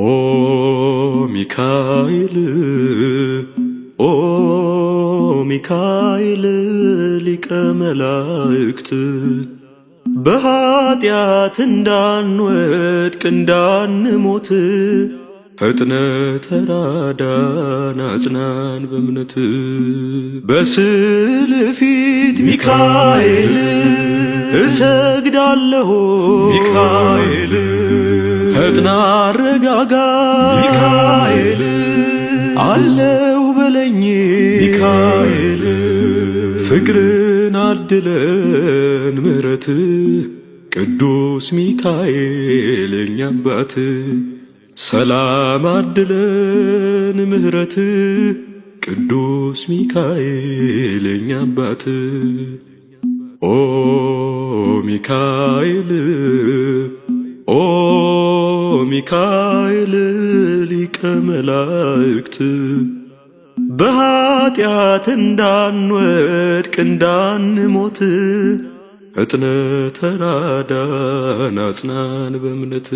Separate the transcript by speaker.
Speaker 1: ኦ ሚካኤል ኦ ሚካኤል ሊቀ መላእክት በኃጢአት እንዳንወድቅ እንዳንሞት ፈጥነ ተራዳን አጽናን በእምነት በስዕል ፊት ሚካኤል እሰግዳለሁ ሚካኤል ፈጥና አረጋጋ ሚካኤል አለው በለኝ ሚካኤል ፍቅርን አድለን ምረት ቅዱስ ሚካኤል የኛ አባት ሰላም አድለን ምህረት ቅዱስ ሚካኤል የኛ አባት ኦ ሚካኤል ኦ ሚካኤል ሊቀ መላእክት በኀጢአት እንዳንወድቅ እንዳንሞት እጥነ ተራዳን አጽናን በእምነት